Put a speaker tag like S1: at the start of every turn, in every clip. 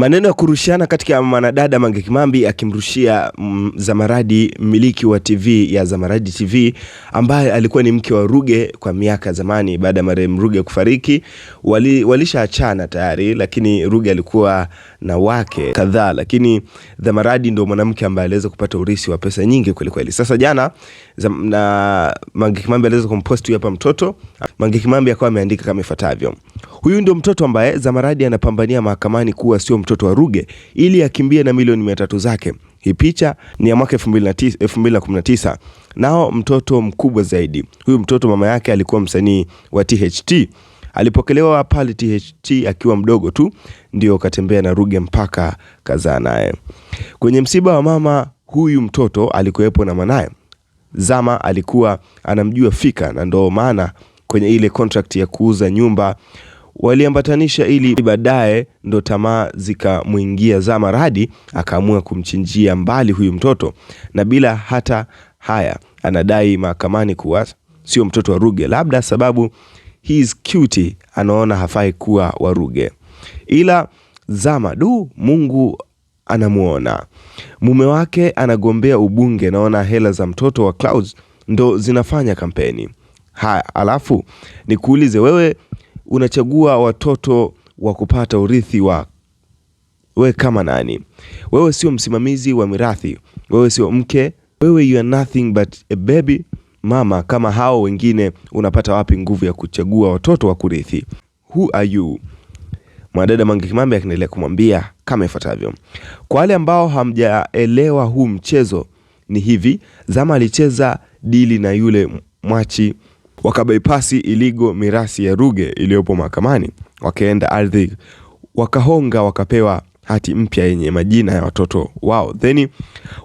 S1: Maneno ya kurushiana kati ya mwanadada Mange Kimambi akimrushia mm, Zamaradi mmiliki wa TV ya Zamaradi TV ambaye alikuwa ni mke wa Ruge kwa miaka zamani. Baada ya marehemu Ruge kufariki, wali, walishaachana tayari, lakini Ruge alikuwa na wake kadhaa, lakini Zamaradi ndio mwanamke ambaye aliweza kupata urisi wa pesa nyingi kweli kweli. Sasa jana zam, na Mange Kimambi aliweza kumpost hapa mtoto Mange Kimambi akawa ameandika kama ifuatavyo: Huyu ndio mtoto ambaye Zamaradi anapambania mahakamani kuwa sio mtoto wa Ruge ili akimbie na milioni mia tatu zake. Hii picha ni ya mwaka 2019. Nao mtoto mkubwa zaidi, huyu mtoto mama yake alikuwa msanii wa THT. Alipokelewa pale THT akiwa mdogo tu, ndio katembea na Ruge mpaka kazaa naye. Kwenye msiba wa mama huyu mtoto alikuwepo na manaye Zama alikuwa anamjua fika, na ndo maana kwenye ile contract ya kuuza nyumba waliambatanisha ili baadaye ndo tamaa zikamwingia Zamaradi, akaamua kumchinjia mbali huyu mtoto, na bila hata haya anadai mahakamani kuwa sio mtoto wa Ruge, labda sababu his cute, anaona hafai kuwa wa Ruge. Ila Zama du, Mungu anamwona. Mume wake anagombea ubunge, naona hela za mtoto wa Clouds ndo zinafanya kampeni. Haya, alafu nikuulize wewe unachagua watoto wa kupata urithi wa wewe kama nani? Wewe sio msimamizi wa mirathi, wewe sio mke, wewe you are nothing but a baby mama kama hao wengine. Unapata wapi nguvu ya kuchagua watoto wa kurithi? Who are you? Mwanadada Mange Kimambi akaendelea kumwambia kama ifuatavyo: kwa wale ambao hamjaelewa huu mchezo ni hivi, Zama alicheza dili na yule mwachi wakabaipasi iligo mirasi ya Ruge iliyopo mahakamani, wakaenda ardhi wakahonga, wakapewa hati mpya yenye majina ya watoto wao, then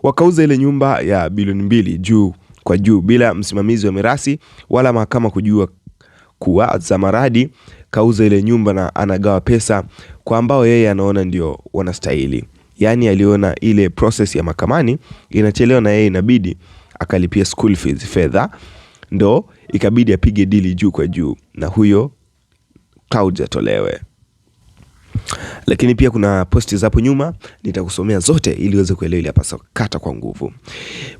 S1: wakauza ile nyumba ya bilioni mbili juu kwa juu bila msimamizi wa mirasi wala mahakama kujua kuwa Zamaradi kauza ile nyumba na anagawa pesa kwa ambao yeye anaona ndio wanastahili. Yaani aliona ile process ya mahakamani inachelewa na yeye inabidi akalipia school fees fedha ndo ikabidi apige dili juu kwa juu na huyo Clouds atolewe. Lakini pia kuna posti za hapo nyuma nitakusomea zote ili uweze kuelewa ile hapa sakata kwa nguvu.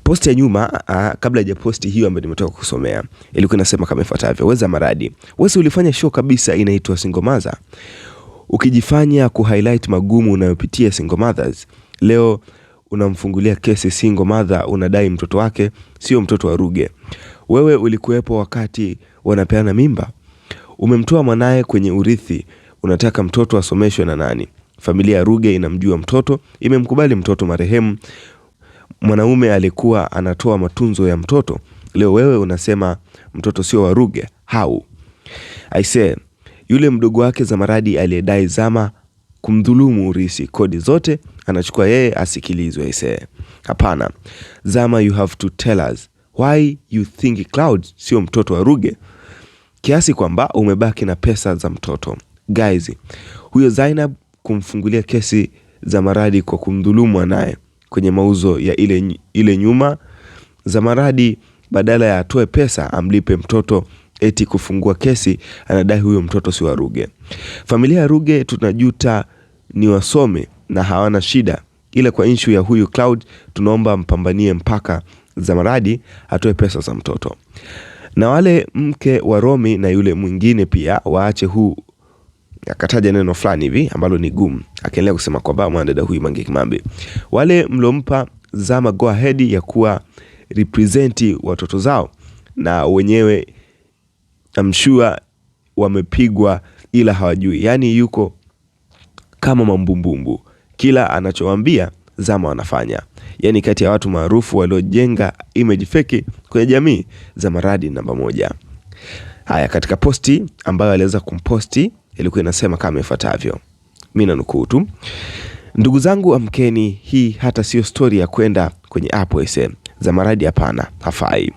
S1: Posti ya nyuma a, kabla ya posti hiyo ambayo nimetoka kusomea ilikuwa inasema kama ifuatavyo: Weza Maradi, wewe ulifanya show kabisa inaitwa Single Mother, ukijifanya ku highlight magumu unayopitia single mothers. Leo unamfungulia kesi single mother, unadai mtoto wake sio mtoto wa Ruge. Wewe ulikuwepo wakati wanapeana mimba? Umemtoa mwanaye kwenye urithi, unataka mtoto asomeshwe na nani? Familia ya Ruge inamjua mtoto, imemkubali mtoto marehemu. Mwanaume alikuwa anatoa matunzo ya mtoto. Leo wewe unasema mtoto sio wa Ruge? Hau aise yule mdogo wake Zamaradi aliyedai Zama kumdhulumu urisi, kodi zote anachukua yeye, asikilizwe aisee. Hapana Zama, you have to tell us why you think Cloud sio mtoto wa Ruge kiasi kwamba umebaki na pesa za mtoto. Guys, huyo Zainab kumfungulia kesi za Maradi kwa kumdhulumu naye kwenye mauzo ya ile, ile nyuma za Maradi, badala ya atoe pesa amlipe mtoto eti kufungua kesi, anadai huyo mtoto si wa Ruge. Familia ya Ruge tunajuta ni wasome na hawana shida, ila kwa inshu ya huyu Cloud tunaomba mpambanie mpaka za maradi atoe pesa za mtoto, na wale mke wa Romi na yule mwingine pia waache huu akataja neno fulani hivi ambalo ni gumu, akaendelea kusema kwamba mwanadada huyu Mange Kimambi, wale mlompa Zama go ahead ya kuwa represent watoto zao, na wenyewe amshua wamepigwa, ila hawajui. Yaani yuko kama mambumbumbu, kila anachowambia Zama wanafanya, yaani kati ya watu maarufu waliojenga image feki kwenye jamii, za maradi namba moja. Haya, katika posti ambayo aliweza kumposti ilikuwa inasema kama ifuatavyo, mimi nanukuu tu: ndugu zangu, amkeni, hii hata sio stori ya kwenda kwenye app aise. Zamaradi hapana, hafai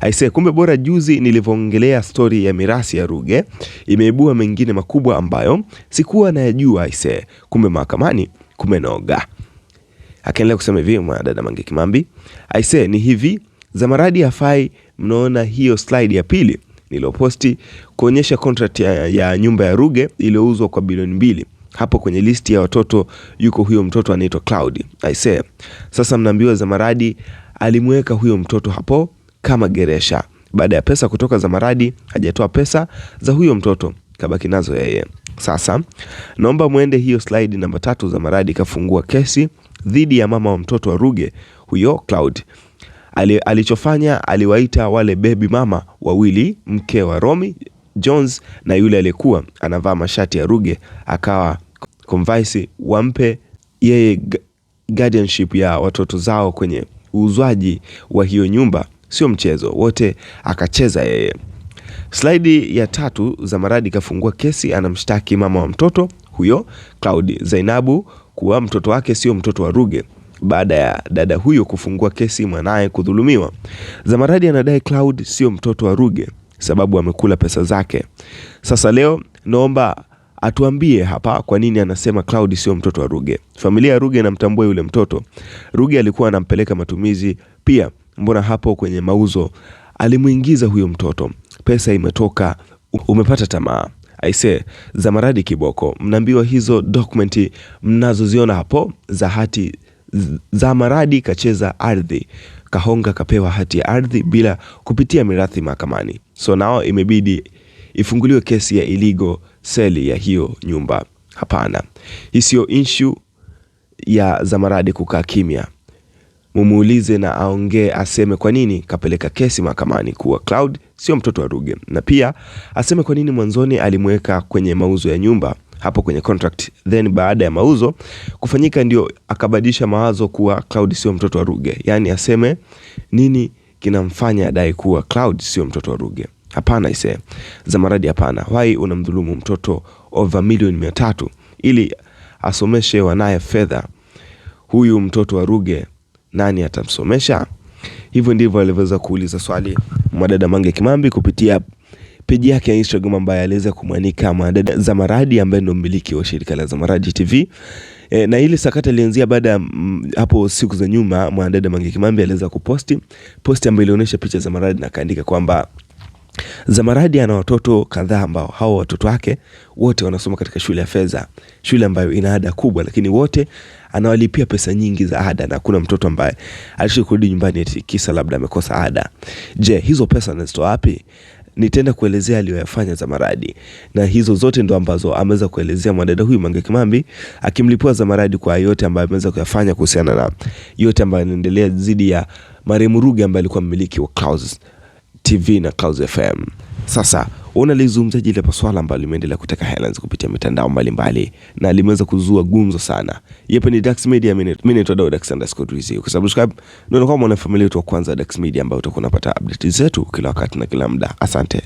S1: aise. Kumbe bora juzi nilivyoongelea stori ya mirasi ya Ruge imeibua mengine makubwa ambayo sikuwa nayajua aise. Kumbe mahakamani kumenoga. Akaendelea kusema hivi mwanadada Mange Kimambi, aise, ni hivi Zamaradi hafai. Mnaona hiyo slide ya pili niliyoposti kuonyesha contract ya, ya nyumba ya Ruge iliyouzwa kwa bilioni mbili hapo kwenye listi ya watoto yuko huyo mtoto anaitwa Cloud. I say sasa, mnaambiwa Zamaradi alimweka huyo mtoto hapo kama geresha. Baada ya pesa kutoka za maradi, hajatoa pesa za huyo mtoto, kabaki nazo yeye. Sasa naomba mwende hiyo slide namba tatu. za maradi kafungua kesi dhidi ya mama wa mtoto wa Ruge huyo Cloud. Ali, alichofanya aliwaita wale baby mama wawili, mke wa Romy Jones na yule aliyekuwa anavaa mashati ya Ruge, akawa konvaisi wampe yeye guardianship ya watoto zao kwenye uuzwaji wa hiyo nyumba, sio mchezo wote, akacheza yeye. Slaidi ya tatu, Zamaradi kafungua kesi, anamshtaki mama wa mtoto huyo Cloud Zainabu kuwa mtoto wake sio mtoto wa Ruge baada ya dada huyo kufungua kesi mwanaye kudhulumiwa. Zamaradi anadai Cloud sio mtoto wa Ruge sababu amekula pesa zake. Sasa leo naomba atuambie hapa kwa nini anasema Cloud sio mtoto wa Ruge. Familia ya Ruge inamtambua yule mtoto. Ruge alikuwa anampeleka matumizi pia, mbona hapo kwenye mauzo alimuingiza huyo mtoto? Pesa imetoka, umepata tamaa. Aise, za maradi kiboko, mnaambiwa hizo dokumenti mnazoziona hapo za hati za maradi kacheza ardhi Kahonga kapewa hati ya ardhi bila kupitia mirathi mahakamani, so nao imebidi ifunguliwe kesi ya iligo seli ya hiyo nyumba. Hapana, hii siyo issue ya Zamaradi kukaa kimya mumuulize na aongee, aseme kwa nini kapeleka kesi mahakamani kuwa Cloud sio mtoto wa Ruge, na pia aseme kwa nini mwanzoni alimweka kwenye mauzo ya nyumba hapo kwenye contract, then baada ya mauzo kufanyika ndio akabadilisha mawazo kuwa Cloud sio mtoto wa Ruge. Yani aseme nini kinamfanya adai kuwa Cloud sio mtoto wa Ruge. Hapana ise Zamaradi, hapana. Why unamdhulumu mtoto over milioni mia tatu ili asomeshe wanaye fedha? Huyu mtoto wa Ruge nani atamsomesha? Hivyo ndivyo alivyoweza kuuliza swali mwadada Mange Kimambi kupitia peji yake ya Instagram ambaye aliweza kumwanika mwadada Zamaradi ambaye ndio mmiliki wa shirika la Zamaradi TV. E, na hili sakata lianzia baada ya mm, hapo siku za nyuma mwanadada Mange Kimambi aliweza kuposti posti ambayo ilionyesha picha za Zamaradi na akaandika kwamba Zamaradi ana watoto kadhaa ambao hao watoto wake wote wanasoma katika shule ya fedha, shule ambayo ina ada kubwa, lakini wote anawalipia pesa nyingi za ada, na kuna mtoto ambaye alishia kurudi nyumbani eti kisa labda amekosa ada. Je, hizo pesa anazitoa wapi? Nitaenda kuelezea aliyoyafanya Zamaradi, na hizo zote ndo ambazo ameweza kuelezea mwanadada huyu Mange Kimambi, akimlipua Zamaradi kwa yote ambayo ameweza kuyafanya kuhusiana na yote ambayo anaendelea dhidi ya marehemu Ruge ambaye alikuwa mmiliki wa Clouds TV na Clouds FM. Sasa unalizungumzaje ile swala ambalo limeendelea kuteka headlines kupitia mitandao mbalimbali na limeweza kuzua gumzo sana. Yepe ni Dax Media, mimi naitwa Daud underscore Rizzi. Ukisubscribe ndio unakuwa mwanafamilia wetu wa kwanza Dax Media, ambayo utakuwa unapata update zetu kila wakati na kila muda. Asante.